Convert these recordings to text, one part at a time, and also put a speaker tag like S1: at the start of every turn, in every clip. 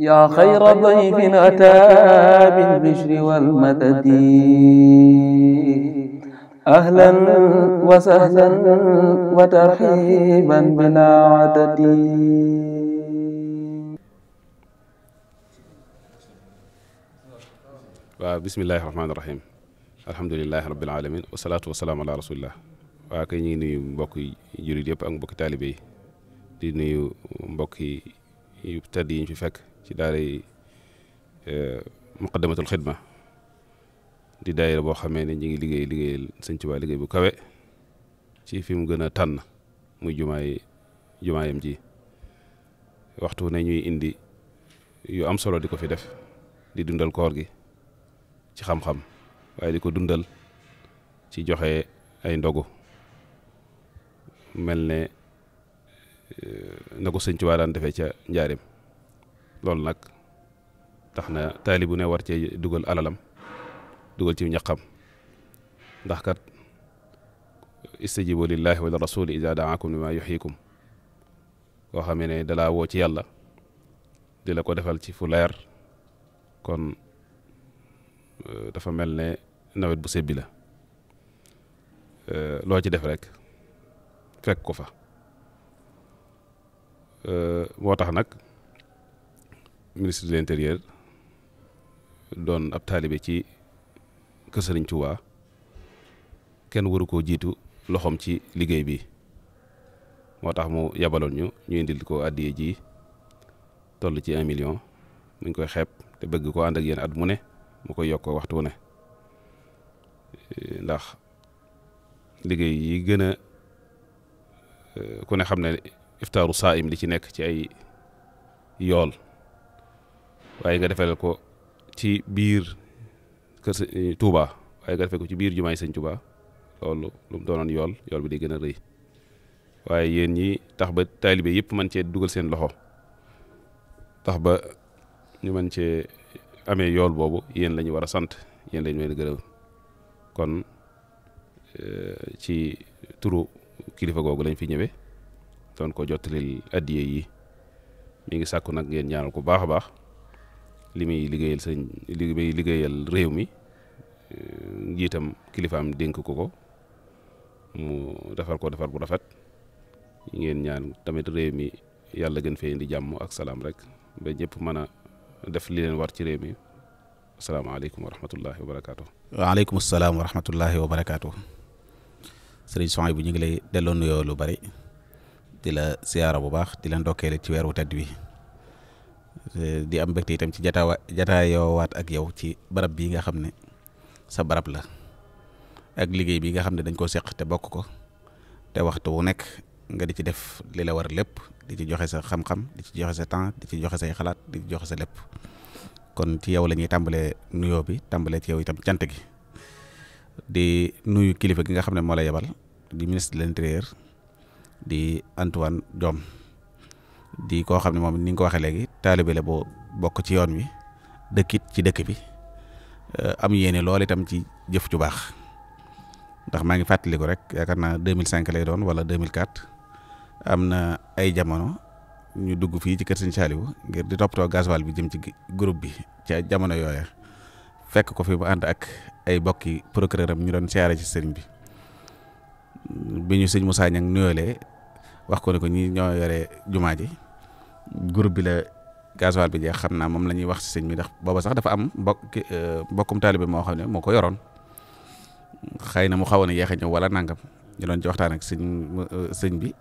S1: yaa
S2: xayra dayfin ataa bil bishri wal madadi ahlan wa sahlan wa tarhiiban bilaa adadi. waaw bismillaahi rahmaani rahiim alhamdulillaahi rabbil wa salaatu wa salaamu alaa rasuulillaah waaw kay ñu ngi nuyu mbokki jurit yëpp ak mbokki taalibe yi di nuyu fi fekk. ci daaray e, muqaddamatul xidma di daayira boo xamee ne ñi ngi liggéey liggéeyal sëñ liggéey bu kawe ci fi mu gën a tànn muy jumaay jumaayam ji waxtu ne ñuy indi yu am solo di ko fi def di dundal koor gi ci xam-xam waaye di ko dundal ci joxe ay ndogu mel ne e, na ko sëñ Tuubaa daan defee ca njaarim loolu nag tax na taalibu ne war cee dugal alalam dugal ci ñaqam ndax kat istajibu lillahi wa rasuli ida daakum lima yuxiikum koo xamee ne dalaa woo ci yàlla dila ko defal ci fuleer kon euh, dafa mel ne nawet bu sebbi la euh, loo ci def rek fekk ko fa euh, moo tax nag ministre de l'intérieur doon ab taalibe ci kër Sëriñ Tuubaa kenn waru koo jiitu loxoom ci liggéey bi moo tax mu yabaloon ñu ñu indil ko addiye ji toll ci un million mu ngi koy xeeb te bëgg ko ànd ak yéen at mu ne mu koy yokk waxtu wu ne eh, ndax liggéey yi gën a eh, xam ne iftaaru saa'im li ci nekk ci ay yool waaye nga defal ko ci biir kër sa eh, waaye nga defal ko ci biir jumaay sëñ Touba loolu lu mu doonoon yool yool bi day gën a rëy waaye yéen ñi tax ba taalibe yëpp mën cee dugal seen loxo tax ba ñu mën cee amee yool boobu yéen lañu ñu war a sant yéen la ñu mën a gërëm kon eh, ci turu kilifa googu lañ fi ñëwee doon ko jottalil addiye yi mi ngi sàkku nag ngeen ñaanal ko baax a baax. li muy liggéeyal sëñ li muy liggéeyal réew mi eh, njiitam kilifaam dénk ko ko mu defar ko defar bu rafet ngeen ñaan tamit réew mi yàlla gën fee indi jàmm ak salaam rek ba ñëpp mën a def li leen war ci réew mi asalaamaaleykum wa rahmatullahi wa barakaatu.
S1: waaleykum salaam wa rahmatullahi wa barakaatu. sëriñ Soxna bu ñu ngi lay
S2: delloo nuyoo lu bari
S1: di la siyaara bu baax di la ndokkeel ci weeru tedd wi. Eh, di am mbégte itam ci jataawa jataayoowaat ak yow ci barab bii nga xam ne sa barab la ak liggéey bi nga xam ne dañ ko seq te bokk ko te waxtu wu nekk nga di ci def li la war lépp di ci joxe sa xam-xam di ci joxe sa temps di ci joxe say xalaat di joxe sa lépp kon ci yow la ñuy tàmbalee nuyoo bi tàmbale ci yow itam cant gi di nuyu kilifa gi nga xam ne moola la yebal di ministre de l'intérieur di Antoine Diome di koo xam ne moom ni nga ko waxee léegi taalibe la boo bokk ci yoon wi dëkkit ci dëkk bi euh, am yéene lool itam ci jëf ju baax ndax maa ngi fàttaliku rek yaakaar naa 2005 lay doon wala 2004 am na ay jamono ñu dugg fii ci kër Sëñ Saaliwu ngir di toppatoo gasoil bi jëm ci groupe bi ci jamono yooya fekk ko fi bu ànd ak ay bokki procureur am ñu doon siyaare ci sëriñ bi bi ñu sëñ Moussa Niang nuyoolee wax ko ne ko ñi ñoo yore jumaa ji groupe bi la gasoil bi jeex xam naa moom la ñuy wax si sëñ bi ndax booba sax dafa am mbokk euh, mbokkum taalibe moo xam ne moo ko yoroon xëy na mu xawoon a yéex a ñëw wala nangam ñu doon ci waxtaan ak sëñ euh, sëñ bi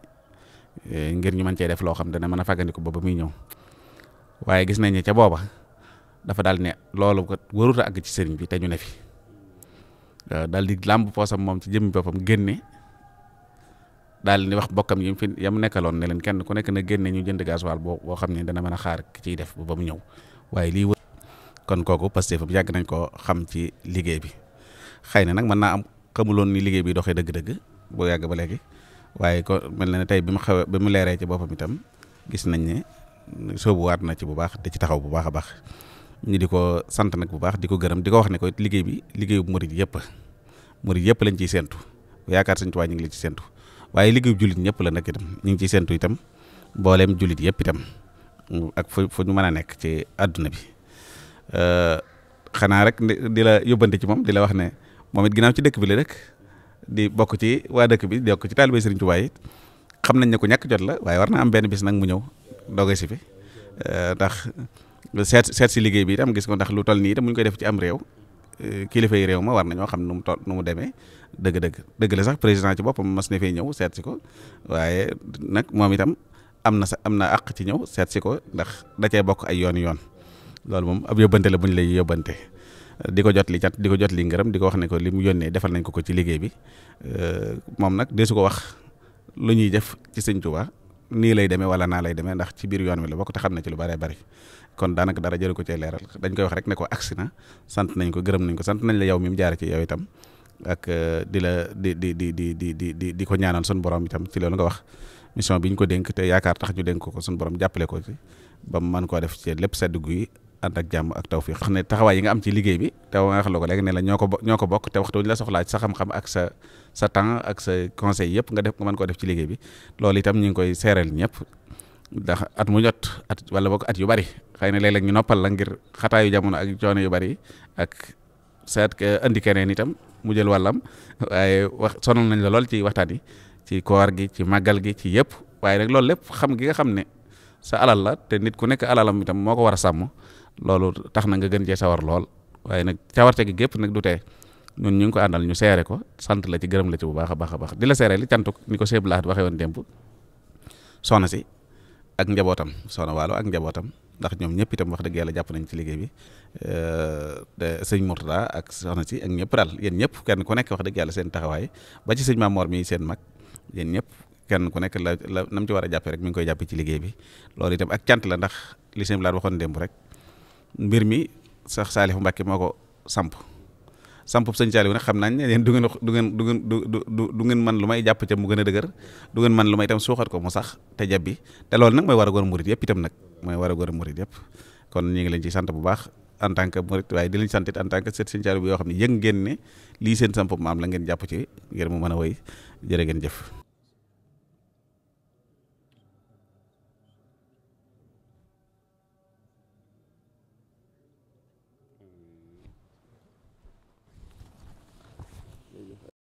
S1: e, ngir ñu mën cee def loo xam dana mën a fàggandiku ba muy ñëw waaye gis nañ ca booba dafa daal ne loolu kat warut ci sëriñ bi te ñu ne fi daal di làmb poosam moom ci jëmmi boppam génne. daal di wax bokkam yi fi yam nekkaloon ne leen kenn ku nekk na génne ñu jënd gasoil boo boo xam ne dana mën a xaar ki ciy def ba mu ñëw waaye lii kon kooku Pastef yàgg nañ koo xam ci liggéey bi xëy na nag mën naa am xamuloon ni liggéey bi doxee dëgg-dëgg boo yàgg ba léegi waaye ko mel na ne tey bi mu xaw ba mu leeree ci boppam itam gis nañ ne waat na ci bu baax di ci taxaw bu baax a baax ñu di ko sant nag bu baax di ko gërëm di ko wax ne ko liggéey bi liggéey bu murid yëpp murid yëpp lañ ciy séentu yaakaar Sëñ Tuubaa ñu ngi ci séentu waaye liggéeyu jullit ñëpp la nag itam ñu ngi ciy séntu itam mbooleem jullit yëpp itam ak fu fu ñu mën a nekk ci àdduna bi euh, xanaa rek di la yóbbante ci moom di la wax ne moom it ginnaaw ci dëkk bi la rek di bokk ci waa dëkk bi di bokk ci taalibe Sëriñ Tuubaa yi xam nañ ne ku ñàkk jot la waaye war na am benn bis nag mu ñëw doge si fi euh, ndax seet seet si liggéey bi itam gis ko ndax lu toll nii itam mu koy def ci am réew euh, kilifa réew ma war na ñoo xam nu mu toll nu mu demee dëgg-dëgg dëgg la sax président ci boppam mas na fee ñëw seet si ko waaye nag moom itam am na sa am na àq ci ñëw seet si ko ndax da cee bokk ay yoon yoon loolu moom ab yóbbante la bu lay yóbbante di ko jot li cat di ko jot li ngërëm di ko wax ne ko li mu yónnee defal nañ ko ko ci liggéey bi moom nag desu ko wax lu ñuy def ci sëñ Tuubaa nii lay demee wala naa lay demee ndax ci biir yoon wi la bokk te xam na ci lu bëree bëri kon daanaka dara jëru ko cee leeral dañ koy wax rek ne ko agsi na sant nañ ko gërëm nañ ko sant nañ la yow mi mu jaare ci yow itam ak euh, di la di di di di di di di ko ñaanal sun borom itam ci loolu nga wax mission bi ñu ko dénk te yaakaar tax ñu dénk ko sun borom jàppale ko ci ba mu mën koo def ci lépp sedd guy ànd ak jàmm ak tawfiq wax ne taxawaay yi nga am ci liggéey bi te wax la ko léegi ne la ñoo ko ñoo ko bokk te waxtu ñu la soxlaa ci sa xam-xam ak sa sa temps ak sa conseil yëpp nga def nga mën koo def ci liggéey bi loolu itam ñu ngi koy seereel ñëpp ndax at mu jot at wala boog at yu bari xëy na léeg-léeg ñu noppal la ngir xataayu jamono ak coono yu bari ak seet andi keneen itam mu jël wàllam waaye wax sonal nañ la lool ci waxtaan yi ci koor gi ci màggal gi ci yëpp waaye nag loolu lépp xam gi nga xam ne sa alal la te nit ku nekk alalam itam moo ko war a sàmm loolu tax na nga gën cee sawar lool waaye nag cawarte gi gépp nag du tee ñun ñu ngi ko àndal ñu seere ko sant la ci gërëm la ci bu baax a baax a baax di la seere li ko ni ko Sèye Blanc waxee woon démb soxna si ak njabootam soxna Waalo ak njabootam. ndax ñoom ñëpp itam wax dëgg yàlla jàpp nañ ci liggéey bi euh, te sëñ Mourtada ak soxna si ak ñëpp dal yéen ñëpp kenn ku nekk wax dëgg yàlla seen taxawaay ba ci sëñ Maam Mor mi seen mag yéen ñëpp kenn ku nekk la la nam ci war a jàppee rek mi ngi koy jàppee ci liggéey bi loolu itam ak cant la ndax li sëñ Blaat waxoon démb rek mbir mi sax Saalifu Mbàkke moo ko samp sampub sëñ Saaliw nag xam nañ ne yéen du ngeen du ngeen du ngeen du du ngeen man lu may jàpp ca mu gën a dëgër du ngeen man lu may itam suuxat ko mu sax te jab bi te loolu nag mooy war a goor murit yëpp itam nag mooy war a goor murit yëpp kon ñu leen ci sant bu baax en tant que murit waaye di leen sant it en tant sët sëñ bi yoo xam ne yëg ngeen ne lii seen sampub am la ngeen jàpp ci ngir mu mën a woy jërë ngeen jëf